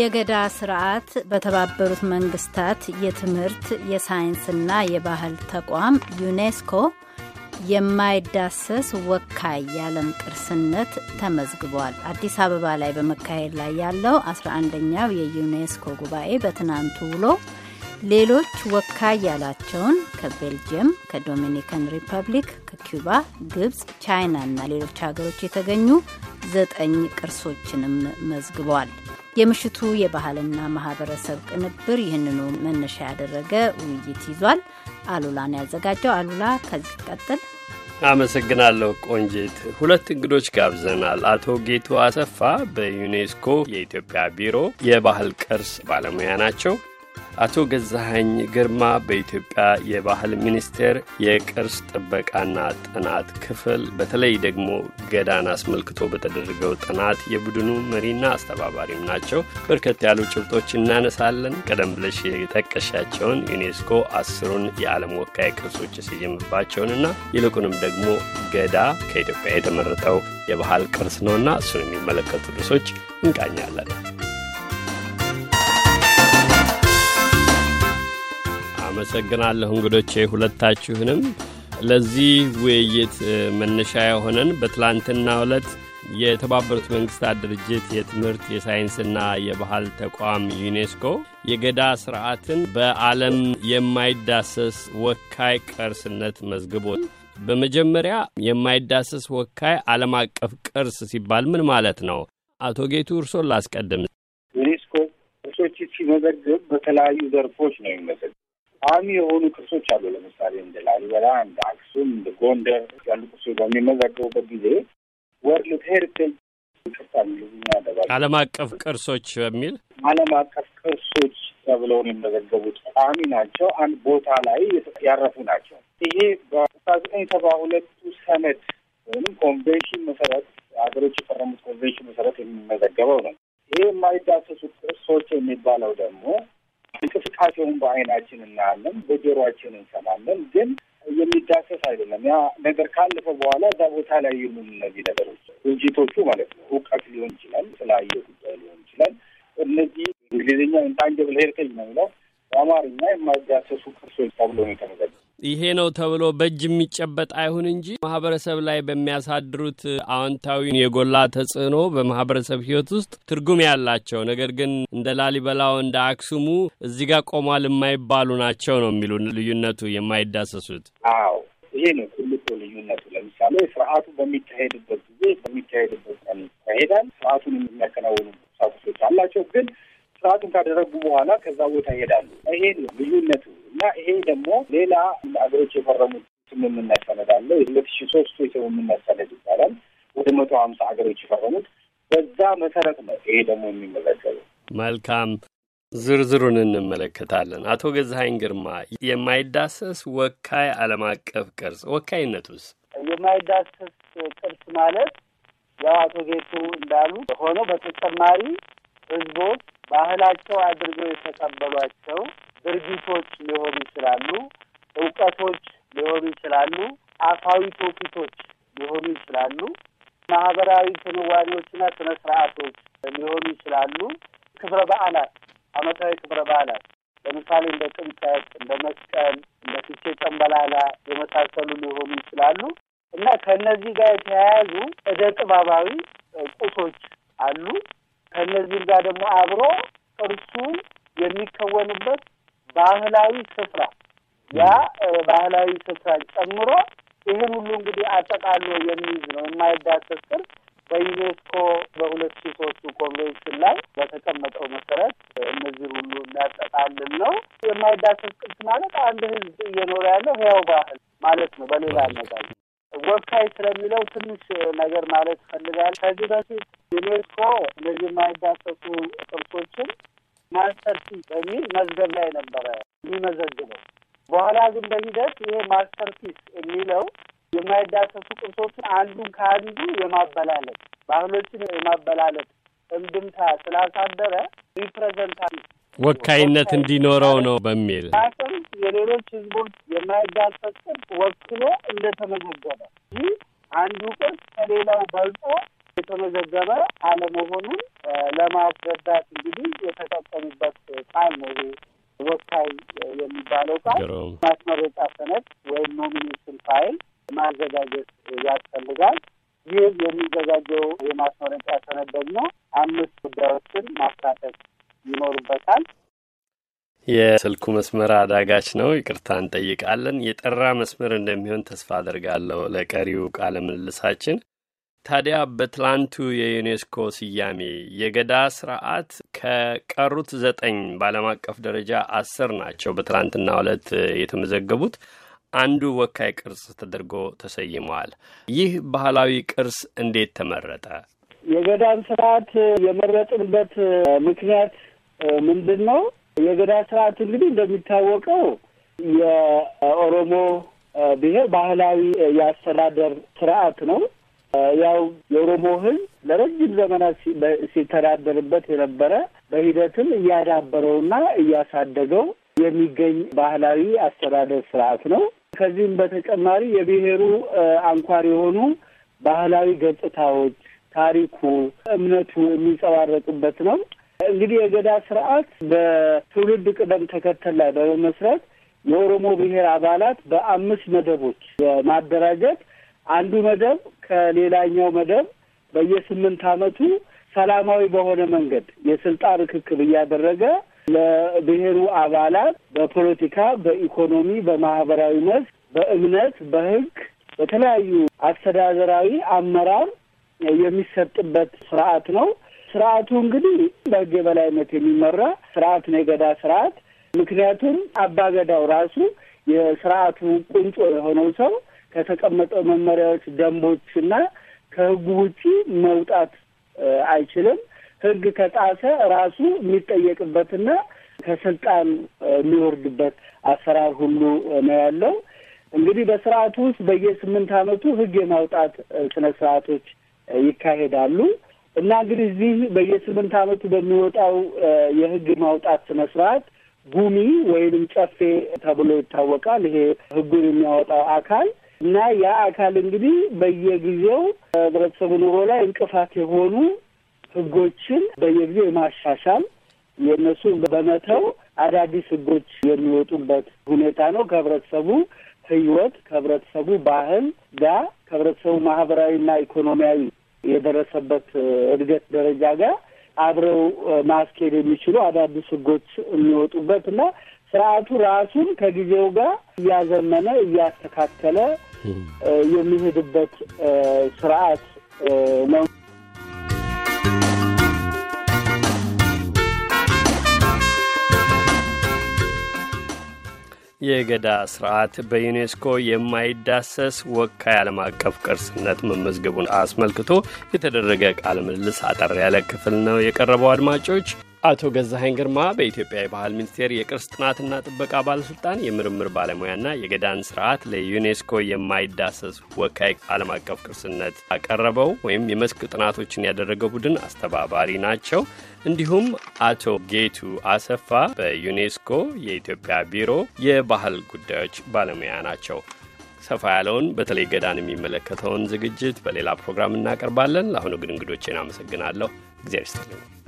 የገዳ ስርዓት በተባበሩት መንግስታት የትምህርት የሳይንስና የባህል ተቋም ዩኔስኮ የማይዳሰስ ወካይ የዓለም ቅርስነት ተመዝግቧል። አዲስ አበባ ላይ በመካሄድ ላይ ያለው 11ኛው የዩኔስኮ ጉባኤ በትናንቱ ውሎ ሌሎች ወካይ ያላቸውን ከቤልጅየም፣ ከዶሚኒካን ሪፐብሊክ፣ ከኩባ፣ ግብፅ፣ ቻይና እና ሌሎች ሀገሮች የተገኙ ዘጠኝ ቅርሶችንም መዝግቧል። የምሽቱ የባህልና ማህበረሰብ ቅንብር ይህንኑ መነሻ ያደረገ ውይይት ይዟል። አሉላን ያዘጋጀው አሉላ ከዚህ ቀጥል። አመሰግናለሁ ቆንጂት። ሁለት እንግዶች ጋብዘናል። አቶ ጌቱ አሰፋ በዩኔስኮ የኢትዮጵያ ቢሮ የባህል ቅርስ ባለሙያ ናቸው። አቶ ገዛሀኝ ግርማ በኢትዮጵያ የባህል ሚኒስቴር የቅርስ ጥበቃና ጥናት ክፍል በተለይ ደግሞ ገዳን አስመልክቶ በተደረገው ጥናት የቡድኑ መሪና አስተባባሪም ናቸው። በርከት ያሉ ጭብጦች እናነሳለን። ቀደም ብለሽ የጠቀሻቸውን ዩኔስኮ አስሩን የዓለም ወካይ ቅርሶች የሰየምባቸውንና ይልቁንም ደግሞ ገዳ ከኢትዮጵያ የተመረጠው የባህል ቅርስ ነውና እሱን የሚመለከቱ ርዕሶች እንቃኛለን። አመሰግናለሁ እንግዶቼ ሁለታችሁንም። ለዚህ ውይይት መነሻ የሆነን በትላንትና ዕለት የተባበሩት መንግስታት ድርጅት የትምህርት የሳይንስና የባህል ተቋም ዩኔስኮ የገዳ ስርዓትን በዓለም የማይዳሰስ ወካይ ቅርስነት መዝግቦት በመጀመሪያ የማይዳሰስ ወካይ ዓለም አቀፍ ቅርስ ሲባል ምን ማለት ነው? አቶ ጌቱ እርሶን ላስቀድም። ዩኔስኮ ቅርሶች ሲመዘግብ በተለያዩ ዘርፎች ነው የሚመዘግብ ቋሚ የሆኑ ቅርሶች አሉ። ለምሳሌ እንደ ላሊበላ፣ እንደ አክሱም፣ እንደ ጎንደር ያሉ ቅርሶች በሚመዘገቡበት ጊዜ ወርልድ ሄሪቴጅ ቅርሳ ዓለም አቀፍ ቅርሶች በሚል ዓለም አቀፍ ቅርሶች ተብለው የሚመዘገቡት ቋሚ ናቸው። አንድ ቦታ ላይ ያረፉ ናቸው። ይሄ በአስራ ዘጠኝ ሰባ ሁለቱ ሰነድ ወይም ኮንቬንሽን መሰረት ሀገሮች የፈረሙት ኮንቬንሽን መሰረት የሚመዘገበው ነው። ይሄ የማይዳሰሱ ቅርሶች የሚባለው ደግሞ እንቅስቃሴውን በአይናችን እናያለን፣ በጆሮአችን እንሰማለን፣ ግን የሚዳሰስ አይደለም። ያ ነገር ካለፈ በኋላ እዛ ቦታ ላይ የሉም እነዚህ ነገሮች ውጅቶቹ ማለት ነው። እውቀት ሊሆን ይችላል፣ ስላየ ጉዳይ ሊሆን ይችላል። እነዚህ እንግሊዝኛ ኢንታንጅብል ሄሪቴጅ ነው የሚለው በአማርኛ የማይዳሰሱ ቅርሶች ተብሎ ነው የተመዘገ ይሄ ነው ተብሎ በእጅ የሚጨበጥ አይሁን እንጂ ማህበረሰብ ላይ በሚያሳድሩት አዎንታዊ የጎላ ተጽዕኖ በማህበረሰብ ህይወት ውስጥ ትርጉም ያላቸው ነገር ግን እንደ ላሊበላው እንደ አክሱሙ እዚህ ጋር ቆሟል የማይባሉ ናቸው ነው የሚሉ ልዩነቱ የማይዳሰሱት። አዎ ይሄ ነው ትልቁ ልዩነቱ። ለምሳሌ ስርዓቱ በሚካሄድበት ጊዜ በሚካሄድበት ቀን ይሄዳል። ስርዓቱን የሚያከናውኑ ቁሳቁሶች አላቸው፣ ግን ስርዓቱን ካደረጉ በኋላ ከዛ ቦታ ይሄዳሉ። ይሄ ነው ልዩነቱ። እና ይሄ ደግሞ ሌላ አገሮች የፈረሙት ስምምነት ሰነድ አለ። የሁለት ሺ ሶስቱ የስምምነት ሰነድ ይባላል። ወደ መቶ ሀምሳ ሀገሮች የፈረሙት በዛ መሰረት ነው። ይሄ ደግሞ የሚመለከተው መልካም ዝርዝሩን እንመለከታለን። አቶ ገዛሀኝ ግርማ የማይዳሰስ ወካይ ዓለም አቀፍ ቅርጽ ወካይነቱስ የማይዳሰስ ቅርስ ማለት ያው አቶ ጌቱ እንዳሉ ሆኖ በተጨማሪ ህዝቦች ባህላቸው አድርገው የተቀበሏቸው ድርጊቶች ሊሆኑ ይችላሉ፣ እውቀቶች ሊሆኑ ይችላሉ፣ አፋዊ ትውፊቶች ሊሆኑ ይችላሉ፣ ማህበራዊ ክንዋኔዎችና ስነ ስርዓቶች ሊሆኑ ይችላሉ። ክብረ በዓላት፣ አመታዊ ክብረ በዓላት ለምሳሌ እንደ ጥምቀት፣ እንደ መስቀል፣ እንደ ፍቼ ጨምበላላ የመሳሰሉ ሊሆኑ ይችላሉ እና ከእነዚህ ጋር የተያያዙ እደ ጥበባዊ ቁሶች አሉ። ከእነዚህም ጋር ደግሞ አብሮ ቅርሱ የሚከወንበት ባህላዊ ስፍራ ያ ባህላዊ ስፍራ ጨምሮ ይህን ሁሉ እንግዲህ አጠቃሎ የሚይዝ ነው። የማይዳሰስ ቅርስ በዩኔስኮ በሁለት ሺ ሶስቱ ኮንቬንሽን ላይ በተቀመጠው መሰረት እነዚህ ሁሉ የሚያጠቃልል ነው። የማይዳሰስ ቅርስ ማለት አንድ ህዝብ እየኖረ ያለው ህያው ባህል ማለት ነው። በሌላ አነጋገር ወካይ ስለሚለው ትንሽ ነገር ማለት ፈልጋል። ከዚህ በፊት ዩኔስኮ እነዚህ የማይዳሰሱ ቅርሶችን ማስተር በሚል መዝገብ ላይ ነበረ የሚመዘግበው። በኋላ ግን በሂደት ይሄ ማስተርፒስ የሚለው የማይዳሰሱ ቅርሶችን አንዱን ከአንዱ የማበላለት ባህሎችን የማበላለት እንድምታ ስላሳደረ ሪፕሬዘንታ ወካይነት እንዲኖረው ነው በሚል ቅም የሌሎች ህዝቦች የማይዳሰስ ቅርጽ ወክሎ እንደተመዘገበ ይህ አንዱ ቅርጽ ከሌላው በልጦ የተመዘገበ አለመሆኑን ለማስረዳት እንግዲህ የተጠቀሙበት ቃል ነው ወካይ የሚባለው ቃል። ማስመረጫ ሰነድ ወይም ኖሚኔሽን ፋይል ማዘጋጀት ያስፈልጋል። ይህ የሚዘጋጀው የማስመረጫ ሰነድ ደግሞ አምስት ጉዳዮችን ማካተት ይኖርበታል። የስልኩ መስመር አዳጋች ነው፣ ይቅርታ እንጠይቃለን። የጠራ መስመር እንደሚሆን ተስፋ አድርጋለሁ። ለቀሪው ቃለ ምልልሳችን ታዲያ በትላንቱ የዩኔስኮ ስያሜ የገዳ ስርዓት ከቀሩት ዘጠኝ በዓለም አቀፍ ደረጃ አስር ናቸው በትላንትና ዕለት የተመዘገቡት አንዱ ወካይ ቅርስ ተደርጎ ተሰይመዋል። ይህ ባህላዊ ቅርስ እንዴት ተመረጠ? የገዳን ስርዓት የመረጥንበት ምክንያት ምንድን ነው? የገዳ ስርዓት እንግዲህ እንደሚታወቀው የኦሮሞ ብሔር ባህላዊ የአስተዳደር ስርዓት ነው። ያው የኦሮሞ ህዝብ ለረጅም ዘመናት ሲተዳደርበት የነበረ በሂደትም እያዳበረውና እያሳደገው የሚገኝ ባህላዊ አስተዳደር ስርዓት ነው። ከዚህም በተጨማሪ የብሔሩ አንኳር የሆኑ ባህላዊ ገጽታዎች፣ ታሪኩ፣ እምነቱ የሚንጸባረቁበት ነው። እንግዲህ የገዳ ስርዓት በትውልድ ቅደም ተከተል ላይ በመመስረት የኦሮሞ ብሔር አባላት በአምስት መደቦች ማደራጀት አንዱ መደብ ከሌላኛው መደብ በየስምንት ዓመቱ ሰላማዊ በሆነ መንገድ የስልጣን ርክክብ እያደረገ ለብሔሩ አባላት በፖለቲካ፣ በኢኮኖሚ፣ በማህበራዊ መስ፣ በእምነት፣ በህግ በተለያዩ አስተዳደራዊ አመራር የሚሰጥበት ስርዓት ነው። ስርዓቱ እንግዲህ በሕግ የበላይነት የሚመራ ስርዓት ነው፣ የገዳ ስርዓት። ምክንያቱም አባገዳው ራሱ የስርዓቱ ቁንጮ የሆነው ሰው ከተቀመጠው መመሪያዎች፣ ደንቦች እና ከህጉ ውጪ መውጣት አይችልም። ህግ ከጣሰ ራሱ የሚጠየቅበትና ከስልጣን የሚወርድበት አሰራር ሁሉ ነው ያለው። እንግዲህ በስርዓቱ ውስጥ በየስምንት አመቱ ህግ የማውጣት ስነ ስርዓቶች ይካሄዳሉ እና እንግዲህ እዚህ በየስምንት ዓመቱ በሚወጣው የህግ ማውጣት ስነ ስርዓት ጉሚ ወይንም ጨፌ ተብሎ ይታወቃል። ይሄ ህጉን የሚያወጣው አካል እና ያ አካል እንግዲህ በየጊዜው ህብረተሰቡ ኑሮ ላይ እንቅፋት የሆኑ ህጎችን በየጊዜው የማሻሻል የእነሱ በመተው አዳዲስ ህጎች የሚወጡበት ሁኔታ ነው። ከህብረተሰቡ ህይወት ከህብረተሰቡ ባህል ጋር ከህብረተሰቡ ማህበራዊና ኢኮኖሚያዊ የደረሰበት እድገት ደረጃ ጋር አብረው ማስኬድ የሚችሉ አዳዲስ ህጎች የሚወጡበት እና ስርዓቱ ራሱን ከጊዜው ጋር እያዘመነ እያስተካከለ የሚሄድበት ስርዓት ነው። የገዳ ስርዓት በዩኔስኮ የማይዳሰስ ወካይ ዓለም አቀፍ ቅርስነት መመዝገቡን አስመልክቶ የተደረገ ቃለ ምልልስ አጠር ያለ ክፍል ነው የቀረበው። አድማጮች አቶ ገዛሀኝ ግርማ በኢትዮጵያ የባህል ሚኒስቴር የቅርስ ጥናትና ጥበቃ ባለስልጣን የምርምር ባለሙያና የገዳን ስርዓት ለዩኔስኮ የማይዳሰስ ወካይ ዓለም አቀፍ ቅርስነት ያቀረበው ወይም የመስክ ጥናቶችን ያደረገ ቡድን አስተባባሪ ናቸው። እንዲሁም አቶ ጌቱ አሰፋ በዩኔስኮ የኢትዮጵያ ቢሮ የባህል ጉዳዮች ባለሙያ ናቸው። ሰፋ ያለውን በተለይ ገዳን የሚመለከተውን ዝግጅት በሌላ ፕሮግራም እናቀርባለን። ለአሁኑ ግን እንግዶቼን አመሰግናለሁ። እግዚአብሔር ይስጥልኝ።